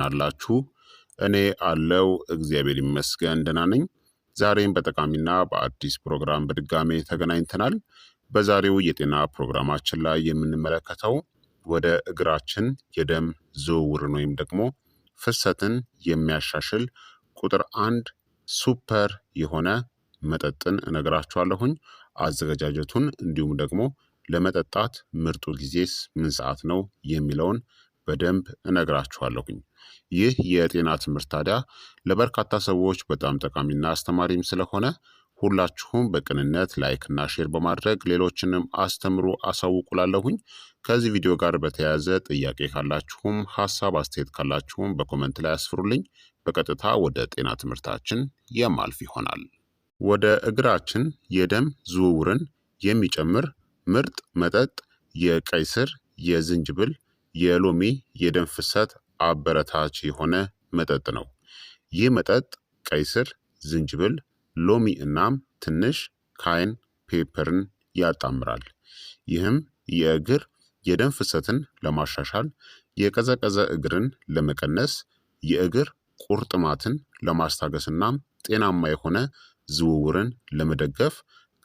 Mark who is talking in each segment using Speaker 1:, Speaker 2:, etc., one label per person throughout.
Speaker 1: ናላችሁ እኔ አለው እግዚአብሔር ይመስገን ደህና ነኝ። ዛሬም በጠቃሚና በአዲስ ፕሮግራም በድጋሜ ተገናኝተናል። በዛሬው የጤና ፕሮግራማችን ላይ የምንመለከተው ወደ እግራችን የደም ዝውውርን ወይም ደግሞ ፍሰትን የሚያሻሽል ቁጥር አንድ ሱፐር የሆነ መጠጥን እነግራችኋለሁኝ። አዘገጃጀቱን እንዲሁም ደግሞ ለመጠጣት ምርጡ ጊዜስ ምን ሰዓት ነው የሚለውን በደንብ እነግራችኋለሁኝ። ይህ የጤና ትምህርት ታዲያ ለበርካታ ሰዎች በጣም ጠቃሚና አስተማሪም ስለሆነ ሁላችሁም በቅንነት ላይክ ና ሼር በማድረግ ሌሎችንም አስተምሩ አሳውቁላለሁኝ። ከዚህ ቪዲዮ ጋር በተያያዘ ጥያቄ ካላችሁም ሀሳብ አስተያየት ካላችሁም በኮመንት ላይ አስፍሩልኝ። በቀጥታ ወደ ጤና ትምህርታችን የማልፍ ይሆናል። ወደ እግራችን የደም ዝውውርን የሚጨምር ምርጥ መጠጥ የቀይ ስር፣ የዝንጅብል፣ የሎሚ የደም ፍሰት አበረታች የሆነ መጠጥ ነው። ይህ መጠጥ ቀይ ስር፣ ዝንጅብል፣ ሎሚ እናም ትንሽ ካይን ፔፐርን ያጣምራል። ይህም የእግር የደም ፍሰትን ለማሻሻል፣ የቀዘቀዘ እግርን ለመቀነስ፣ የእግር ቁርጥማትን ለማስታገስ እናም ጤናማ የሆነ ዝውውርን ለመደገፍ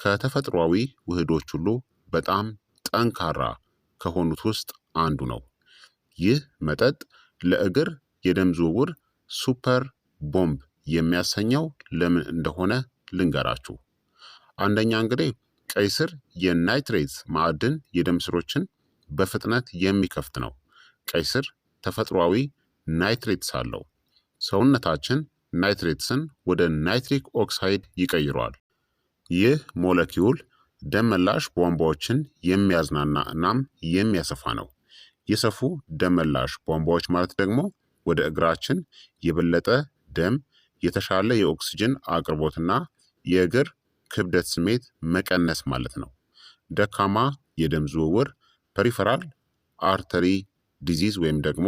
Speaker 1: ከተፈጥሯዊ ውህዶች ሁሉ በጣም ጠንካራ ከሆኑት ውስጥ አንዱ ነው። ይህ መጠጥ ለእግር የደም ዝውውር ሱፐር ቦምብ የሚያሰኘው ለምን እንደሆነ ልንገራችሁ። አንደኛ እንግዲህ ቀይ ስር የናይትሬት ማዕድን የደም ስሮችን በፍጥነት የሚከፍት ነው። ቀይ ስር ተፈጥሯዊ ናይትሬትስ አለው። ሰውነታችን ናይትሬትስን ወደ ናይትሪክ ኦክሳይድ ይቀይረዋል። ይህ ሞለኪውል ደመላሽ ቧንቧዎችን የሚያዝናና እናም የሚያሰፋ ነው። የሰፉ ደመላሽ ቧንቧዎች ማለት ደግሞ ወደ እግራችን የበለጠ ደም የተሻለ የኦክስጅን አቅርቦትና የእግር ክብደት ስሜት መቀነስ ማለት ነው። ደካማ የደም ዝውውር ፐሪፈራል አርተሪ ዲዚዝ ወይም ደግሞ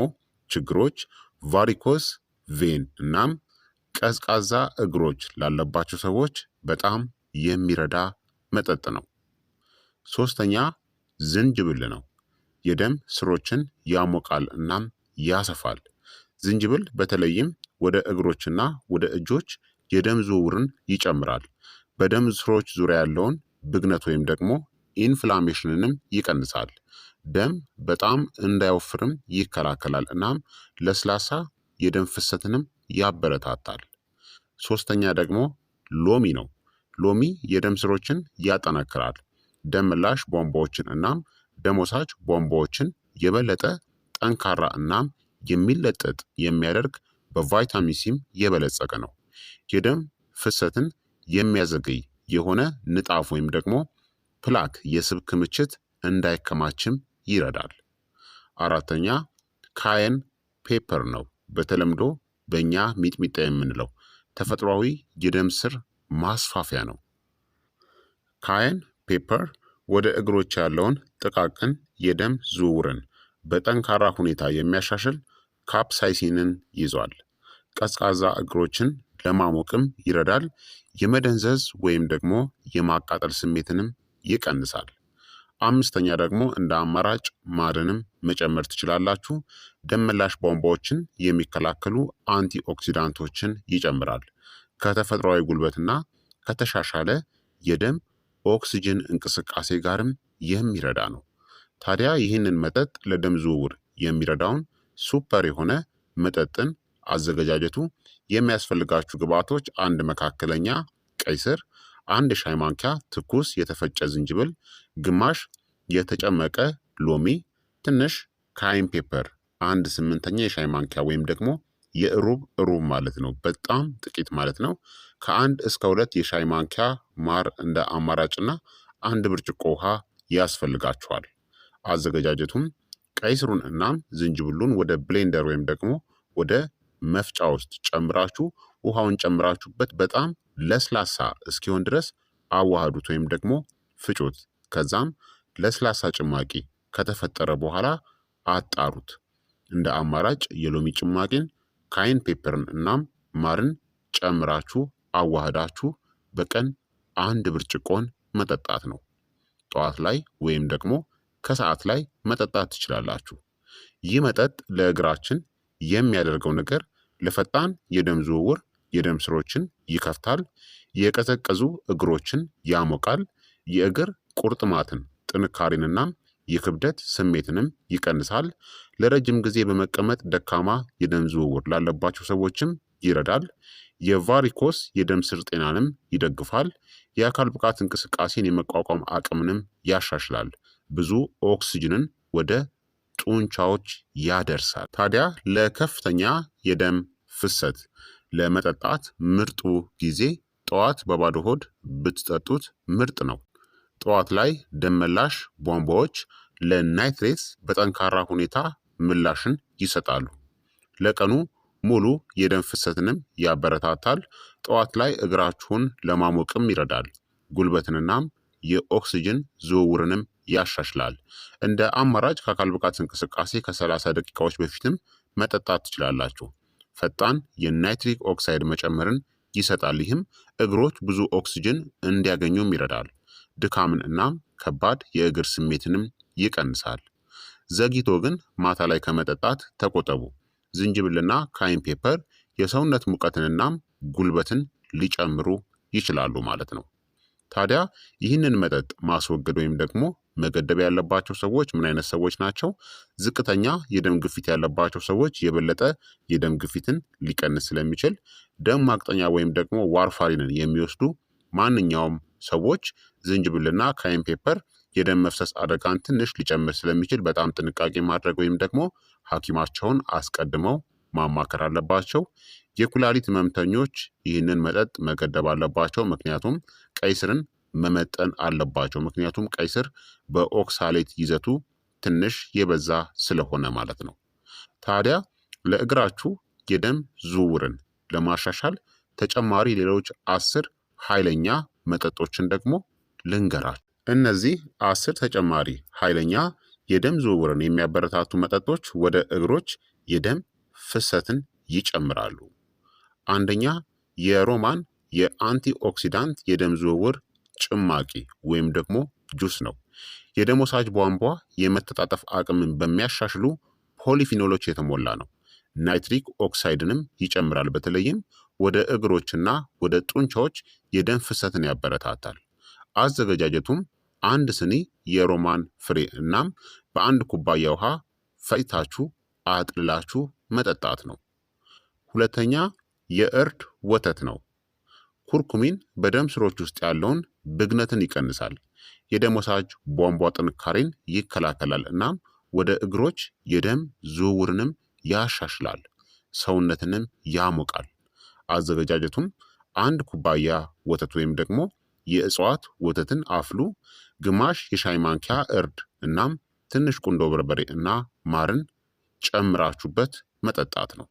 Speaker 1: ችግሮች ቫሪኮስ ቬን እናም ቀዝቃዛ እግሮች ላለባቸው ሰዎች በጣም የሚረዳ መጠጥ ነው። ሶስተኛ ዝንጅብል ነው። የደም ስሮችን ያሞቃል እናም ያሰፋል። ዝንጅብል በተለይም ወደ እግሮችና ወደ እጆች የደም ዝውውርን ይጨምራል። በደም ስሮች ዙሪያ ያለውን ብግነት ወይም ደግሞ ኢንፍላሜሽንንም ይቀንሳል። ደም በጣም እንዳይወፍርም ይከላከላል እናም ለስላሳ የደም ፍሰትንም ያበረታታል። ሶስተኛ ደግሞ ሎሚ ነው። ሎሚ የደም ስሮችን ያጠናክራል። ደም ላሽ ቧንቧዎችን እናም ደሞሳጅ ቧንቧዎችን የበለጠ ጠንካራ እናም የሚለጠጥ የሚያደርግ በቫይታሚን ሲም የበለጸገ ነው። የደም ፍሰትን የሚያዘገይ የሆነ ንጣፍ ወይም ደግሞ ፕላክ የስብ ክምችት እንዳይከማችም ይረዳል። አራተኛ ካየን ፔፐር ነው። በተለምዶ በእኛ ሚጥሚጣ የምንለው ተፈጥሯዊ የደም ስር ማስፋፊያ ነው። ካየን ፔፐር ወደ እግሮች ያለውን ጥቃቅን የደም ዝውውርን በጠንካራ ሁኔታ የሚያሻሽል ካፕሳይሲንን ይዟል። ቀዝቃዛ እግሮችን ለማሞቅም ይረዳል። የመደንዘዝ ወይም ደግሞ የማቃጠል ስሜትንም ይቀንሳል። አምስተኛ ደግሞ እንደ አማራጭ ማርንም መጨመር ትችላላችሁ። ደመላሽ ቧንቧዎችን የሚከላከሉ አንቲ ኦክሲዳንቶችን ይጨምራል። ከተፈጥሯዊ ጉልበትና ከተሻሻለ የደም ኦክስጅን እንቅስቃሴ ጋርም የሚረዳ ነው። ታዲያ ይህንን መጠጥ ለደም ዝውውር የሚረዳውን ሱፐር የሆነ መጠጥን አዘገጃጀቱ የሚያስፈልጋችሁ ግብአቶች አንድ መካከለኛ ቀይ ስር፣ አንድ ሻይ ማንኪያ ትኩስ የተፈጨ ዝንጅብል፣ ግማሽ የተጨመቀ ሎሚ፣ ትንሽ ካይን ፔፐር አንድ ስምንተኛ የሻይ ማንኪያ ወይም ደግሞ የሩብ እሩብ ማለት ነው። በጣም ጥቂት ማለት ነው። ከአንድ እስከ ሁለት የሻይ ማንኪያ ማር እንደ አማራጭና አንድ ብርጭቆ ውሃ ያስፈልጋችኋል። አዘገጃጀቱም ቀይ ስሩን እናም ዝንጅብሉን ወደ ብሌንደር ወይም ደግሞ ወደ መፍጫ ውስጥ ጨምራችሁ ውሃውን ጨምራችሁበት በጣም ለስላሳ እስኪሆን ድረስ አዋህዱት ወይም ደግሞ ፍጩት። ከዛም ለስላሳ ጭማቂ ከተፈጠረ በኋላ አጣሩት። እንደ አማራጭ የሎሚ ጭማቂን፣ ካይን ፔፐርን እናም ማርን ጨምራችሁ አዋህዳችሁ በቀን አንድ ብርጭቆን መጠጣት ነው። ጠዋት ላይ ወይም ደግሞ ከሰዓት ላይ መጠጣት ትችላላችሁ። ይህ መጠጥ ለእግራችን የሚያደርገው ነገር ለፈጣን የደም ዝውውር የደም ስሮችን ይከፍታል፣ የቀዘቀዙ እግሮችን ያሞቃል፣ የእግር ቁርጥማትን ጥንካሬንና የክብደት ስሜትንም ይቀንሳል። ለረጅም ጊዜ በመቀመጥ ደካማ የደም ዝውውር ላለባቸው ሰዎችም ይረዳል። የቫሪኮስ የደም ስር ጤናንም ይደግፋል። የአካል ብቃት እንቅስቃሴን የመቋቋም አቅምንም ያሻሽላል። ብዙ ኦክስጅንን ወደ ጡንቻዎች ያደርሳል። ታዲያ ለከፍተኛ የደም ፍሰት ለመጠጣት ምርጡ ጊዜ ጠዋት በባዶ ሆድ ብትጠጡት ምርጥ ነው። ጠዋት ላይ ደም መላሽ ቧንቧዎች ለናይትሬትስ በጠንካራ ሁኔታ ምላሽን ይሰጣሉ። ለቀኑ ሙሉ የደም ፍሰትንም ያበረታታል። ጠዋት ላይ እግራችሁን ለማሞቅም ይረዳል። ጉልበትንናም የኦክስጅን ዝውውርንም ያሻሽላል። እንደ አማራጭ ከአካል ብቃት እንቅስቃሴ ከ30 ደቂቃዎች በፊትም መጠጣት ትችላላችሁ። ፈጣን የናይትሪክ ኦክሳይድ መጨመርን ይሰጣል። ይህም እግሮች ብዙ ኦክስጅን እንዲያገኙም ይረዳል። ድካምን እናም ከባድ የእግር ስሜትንም ይቀንሳል። ዘግይቶ ግን ማታ ላይ ከመጠጣት ተቆጠቡ። ዝንጅብልና ካይን ፔፐር የሰውነት ሙቀትንናም ጉልበትን ሊጨምሩ ይችላሉ ማለት ነው። ታዲያ ይህንን መጠጥ ማስወገድ ወይም ደግሞ መገደብ ያለባቸው ሰዎች ምን አይነት ሰዎች ናቸው? ዝቅተኛ የደም ግፊት ያለባቸው ሰዎች የበለጠ የደም ግፊትን ሊቀንስ ስለሚችል ደም ማቅጠኛ ወይም ደግሞ ዋርፋሪንን የሚወስዱ ማንኛውም ሰዎች ዝንጅብልና ካይን ፔፐር የደም መፍሰስ አደጋን ትንሽ ሊጨምር ስለሚችል በጣም ጥንቃቄ ማድረግ ወይም ደግሞ ሐኪማቸውን አስቀድመው ማማከር አለባቸው። የኩላሊት ህመምተኞች ይህንን መጠጥ መገደብ አለባቸው። ምክንያቱም ቀይ ስርን መመጠን አለባቸው። ምክንያቱም ቀይ ስር በኦክሳሌት ይዘቱ ትንሽ የበዛ ስለሆነ ማለት ነው። ታዲያ ለእግራችሁ የደም ዝውውርን ለማሻሻል ተጨማሪ ሌሎች አስር ኃይለኛ መጠጦችን ደግሞ ልንገራችሁ። እነዚህ አስር ተጨማሪ ኃይለኛ የደም ዝውውርን የሚያበረታቱ መጠጦች ወደ እግሮች የደም ፍሰትን ይጨምራሉ። አንደኛ የሮማን የአንቲኦክሲዳንት የደም ዝውውር ጭማቂ ወይም ደግሞ ጁስ ነው። የደም ወሳጅ ቧንቧ የመተጣጠፍ አቅምን በሚያሻሽሉ ፖሊፊኖሎች የተሞላ ነው። ናይትሪክ ኦክሳይድንም ይጨምራል። በተለይም ወደ እግሮችና ወደ ጡንቻዎች የደም ፍሰትን ያበረታታል። አዘገጃጀቱም አንድ ስኒ የሮማን ፍሬ እናም በአንድ ኩባያ ውሃ ፈጭታችሁ አጥልላችሁ መጠጣት ነው። ሁለተኛ የእርድ ወተት ነው። ኩርኩሚን በደም ስሮች ውስጥ ያለውን ብግነትን ይቀንሳል። የደም ወሳጅ ቧንቧ ጥንካሬን ይከላከላል እናም ወደ እግሮች የደም ዝውውርንም ያሻሽላል፣ ሰውነትንም ያሞቃል። አዘገጃጀቱም አንድ ኩባያ ወተት ወይም ደግሞ የእጽዋት ወተትን አፍሉ፣ ግማሽ የሻይ ማንኪያ እርድ እናም ትንሽ ቁንዶ በርበሬ እና ማርን ጨምራችሁበት መጠጣት ነው።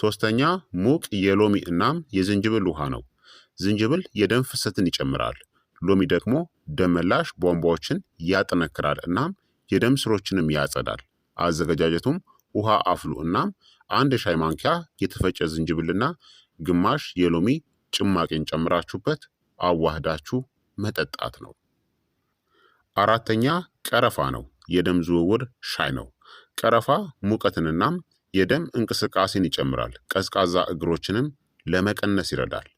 Speaker 1: ሶስተኛ ሙቅ የሎሚ እናም የዝንጅብል ውሃ ነው። ዝንጅብል የደም ፍሰትን ይጨምራል። ሎሚ ደግሞ ደመላሽ ቧንቧዎችን ያጠነክራል እናም የደም ስሮችንም ያጸዳል። አዘገጃጀቱም ውሃ አፍሉ እናም አንድ የሻይ ማንኪያ የተፈጨ ዝንጅብልና ግማሽ የሎሚ ጭማቂን ጨምራችሁበት አዋህዳችሁ መጠጣት ነው። አራተኛ ቀረፋ ነው። የደም ዝውውር ሻይ ነው። ቀረፋ ሙቀትንናም የደም እንቅስቃሴን ይጨምራል። ቀዝቃዛ እግሮችንም ለመቀነስ ይረዳል።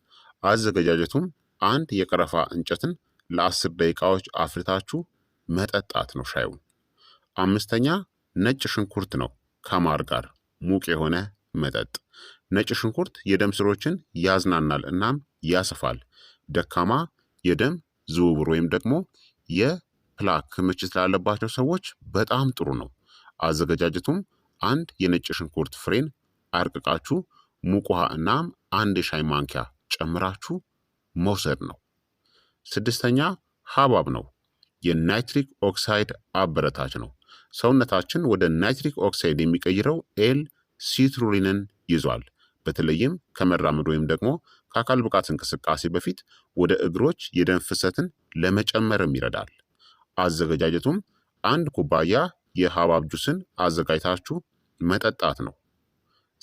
Speaker 1: አዘገጃጀቱም አንድ የቀረፋ እንጨትን ለአስር ደቂቃዎች አፍልታችሁ መጠጣት ነው ሻዩ። አምስተኛ ነጭ ሽንኩርት ነው። ከማር ጋር ሙቅ የሆነ መጠጥ። ነጭ ሽንኩርት የደም ስሮችን ያዝናናል እናም ያሰፋል። ደካማ የደም ዝውውር ወይም ደግሞ የፕላክ ክምችት ላለባቸው ሰዎች በጣም ጥሩ ነው። አዘገጃጀቱም አንድ የነጭ ሽንኩርት ፍሬን አርቅቃችሁ ሙቅ ውሃ እናም አንድ የሻይ ማንኪያ ጨምራችሁ መውሰድ ነው። ስድስተኛ ሀባብ ነው። የናይትሪክ ኦክሳይድ አበረታች ነው። ሰውነታችን ወደ ናይትሪክ ኦክሳይድ የሚቀይረው ኤል ሲትሩሊንን ይዟል። በተለይም ከመራመድ ወይም ደግሞ ከአካል ብቃት እንቅስቃሴ በፊት ወደ እግሮች የደም ፍሰትን ለመጨመርም ይረዳል። አዘገጃጀቱም አንድ ኩባያ የሐብሐብ ጁስን አዘጋጅታችሁ መጠጣት ነው።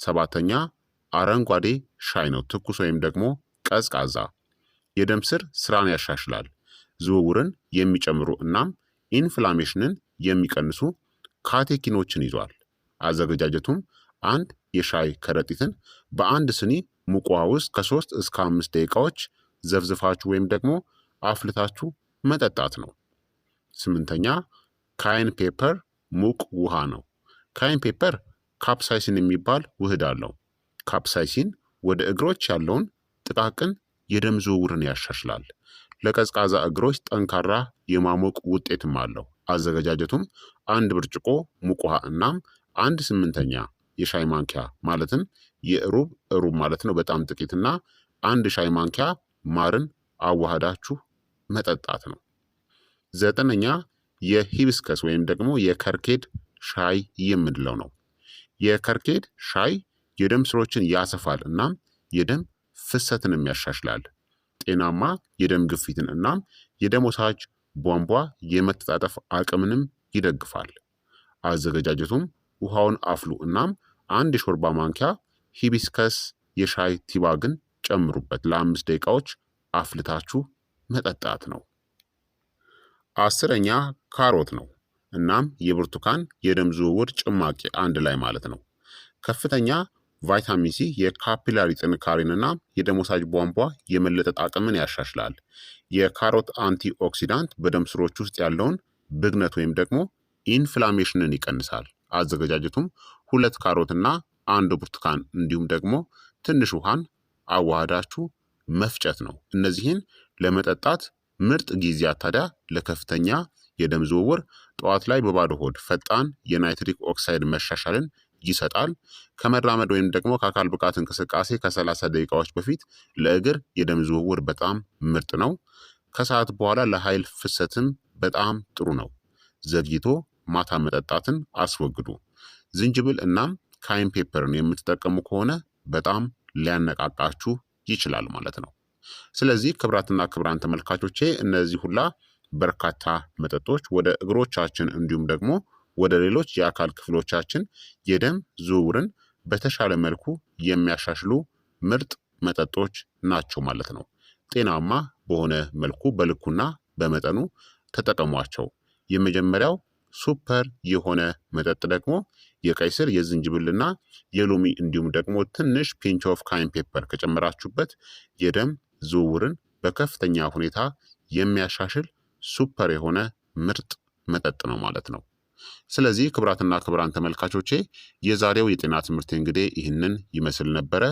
Speaker 1: ሰባተኛ አረንጓዴ ሻይ ነው። ትኩስ ወይም ደግሞ ቀዝቃዛ የደም ስር ስራን ያሻሽላል። ዝውውርን የሚጨምሩ እናም ኢንፍላሜሽንን የሚቀንሱ ካቴኪኖችን ይዟል። አዘገጃጀቱም አንድ የሻይ ከረጢትን በአንድ ስኒ ሙቋ ውስጥ ከሶስት እስከ አምስት ደቂቃዎች ዘፍዝፋችሁ ወይም ደግሞ አፍልታችሁ መጠጣት ነው። ስምንተኛ ካይን ፔፐር ሙቅ ውሃ ነው። ካይን ፔፐር ካፕሳይሲን የሚባል ውህድ አለው። ካፕሳይሲን ወደ እግሮች ያለውን ጥቃቅን የደም ዝውውርን ያሻሽላል። ለቀዝቃዛ እግሮች ጠንካራ የማሞቅ ውጤትም አለው። አዘገጃጀቱም አንድ ብርጭቆ ሙቅ ውሃ እናም አንድ ስምንተኛ የሻይ ማንኪያ ማለትም የሩብ ሩብ ማለት ነው። በጣም ጥቂትና አንድ ሻይ ማንኪያ ማርን አዋህዳችሁ መጠጣት ነው። ዘጠነኛ የሂቢስከስ ወይም ደግሞ የከርኬድ ሻይ የምንለው ነው። የከርኬድ ሻይ የደም ስሮችን ያሰፋል እናም የደም ፍሰትንም ያሻሽላል። ጤናማ የደም ግፊትን እናም የደም ወሳጅ ቧንቧ የመተጣጠፍ አቅምንም ይደግፋል። አዘገጃጀቱም ውሃውን አፍሉ እናም አንድ የሾርባ ማንኪያ ሂቢስከስ የሻይ ቲባግን ጨምሩበት። ለአምስት ደቂቃዎች አፍልታችሁ መጠጣት ነው። አስረኛ ካሮት ነው። እናም የብርቱካን የደም ዝውውር ጭማቂ አንድ ላይ ማለት ነው። ከፍተኛ ቫይታሚን ሲ የካፒላሪ ጥንካሬንና የደም ወሳጅ ቧንቧ የመለጠጥ አቅምን ያሻሽላል። የካሮት አንቲ ኦክሲዳንት በደም ስሮች ውስጥ ያለውን ብግነት ወይም ደግሞ ኢንፍላሜሽንን ይቀንሳል። አዘገጃጀቱም ሁለት ካሮትና አንድ ብርቱካን እንዲሁም ደግሞ ትንሽ ውሃን አዋህዳችሁ መፍጨት ነው። እነዚህን ለመጠጣት ምርጥ ጊዜያት ታዲያ ለከፍተኛ የደም ዝውውር ጠዋት ላይ በባዶ ሆድ ፈጣን የናይትሪክ ኦክሳይድ መሻሻልን ይሰጣል። ከመራመድ ወይም ደግሞ ከአካል ብቃት እንቅስቃሴ ከ30 ደቂቃዎች በፊት ለእግር የደም ዝውውር በጣም ምርጥ ነው። ከሰዓት በኋላ ለኃይል ፍሰትም በጣም ጥሩ ነው። ዘግይቶ ማታ መጠጣትን አስወግዱ። ዝንጅብል እናም ካይን ፔፐርን የምትጠቀሙ ከሆነ በጣም ሊያነቃቃችሁ ይችላል ማለት ነው። ስለዚህ ክብራትና ክብራን ተመልካቾቼ እነዚህ ሁላ በርካታ መጠጦች ወደ እግሮቻችን እንዲሁም ደግሞ ወደ ሌሎች የአካል ክፍሎቻችን የደም ዝውውርን በተሻለ መልኩ የሚያሻሽሉ ምርጥ መጠጦች ናቸው ማለት ነው። ጤናማ በሆነ መልኩ በልኩና በመጠኑ ተጠቀሟቸው። የመጀመሪያው ሱፐር የሆነ መጠጥ ደግሞ የቀይ ስር የዝንጅብልና የሎሚ እንዲሁም ደግሞ ትንሽ ፒንች ኦፍ ካይን ፔፐር ከጨመራችሁበት የደም ዝውውርን በከፍተኛ ሁኔታ የሚያሻሽል ሱፐር የሆነ ምርጥ መጠጥ ነው ማለት ነው። ስለዚህ ክቡራትና ክቡራን ተመልካቾቼ የዛሬው የጤና ትምህርት እንግዲህ ይህንን ይመስል ነበረ።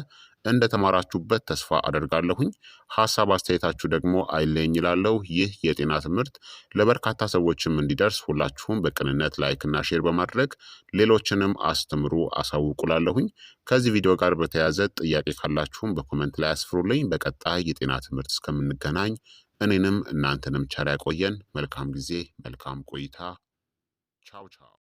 Speaker 1: እንደተማራችሁበት ተስፋ አደርጋለሁኝ። ሀሳብ አስተያየታችሁ ደግሞ አይለኝ ይላለው። ይህ የጤና ትምህርት ለበርካታ ሰዎችም እንዲደርስ ሁላችሁም በቅንነት ላይክና ሼር በማድረግ ሌሎችንም አስተምሩ አሳውቁላለሁኝ። ከዚህ ቪዲዮ ጋር በተያያዘ ጥያቄ ካላችሁም በኮመንት ላይ አስፍሩልኝ። በቀጣይ የጤና ትምህርት እስከምንገናኝ እኔንም እናንተንም ቸር ያቆየን። መልካም ጊዜ፣ መልካም ቆይታ። ቻው ቻው